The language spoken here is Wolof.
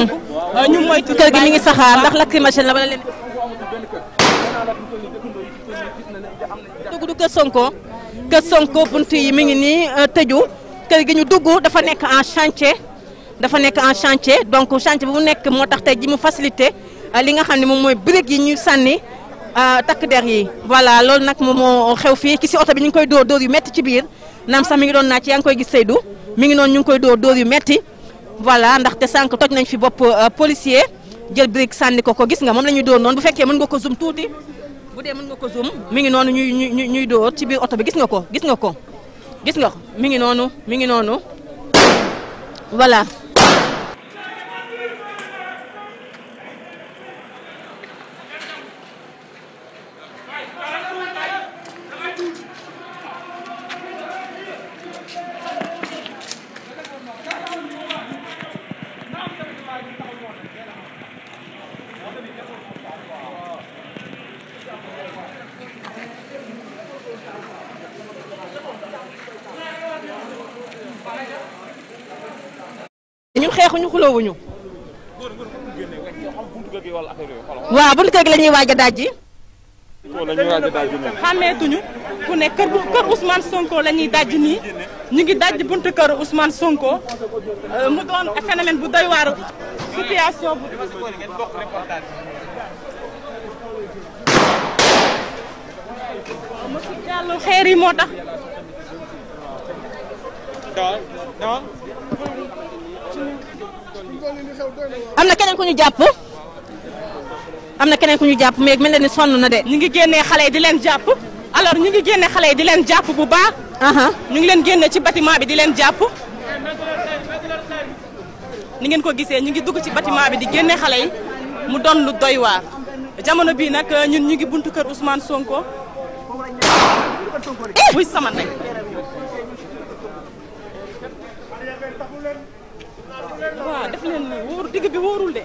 Mm. Euh, ñu moytu kër gi mi ngi saxaar ndax lacrymogène la wala leen dugg du kër Sonko kër Sonko bunt yi mi ngi nii euh, tëju kër gi ñu dugg dafa nekk en chantier dafa nekk en chantier donc chantier bu mu nekk moo tax te ji mu facilité euh, li nga xam ne moom mooy brique yi ñuy sànni takk der yi voilà loolu nag moom moo xew fii ci si oto bi ñu koy dóor dóor yu metti ci biir naam sax mi ngi doon naaj yaa ngi koy gis Seydou mi ngi noonu ñu koy dóor dóor yu metti voilà ndaxte sànq toj nañ fi bopp euh, policier jël brique sànni ko ko gis nga moom la ñuy dóor noonu bu fekkee mën nga ko zoom tuuti bu dee mën nga ko zoom mi ngi noonu ñuy ñuy ñuy dóor ci biir oto bi gis nga ko gis nga ko gis nga mi ngi noonu mi ngi noonu voilà. xeexuñu xuloowuñu waaw buntu kër gi la ñuy waaj a dajji. xàmmeetuñu ku ne kër kër Ousmane Sonko la ñuy dajji nii ñu ngi dajji buntu kër Ousmane Sonko euh, mu doon phénomène bu doy waar situation bu. Monsieur Diallo xeer yi moo tax. am na keneen ku ñu jàpp am na keneen ku ñu jàpp mais mel na ni sonn na de. ñu ngi génnee xale yi di leen jàpp alors ñu ngi génne xale yi di leen jàpp bu baax. ñu ngi leen génne ci bâtiment bi di leen jàpp. ni ngeen ko gisee ñu ngi dugg ci bâtiment bi di génne xale yi mu doon lu doy jamono bii nag euh, ñu ñu ngi buntu kër Ousmane Sonko. buy eh! sama nag. def leen nii wóoru digg bi wóorul de.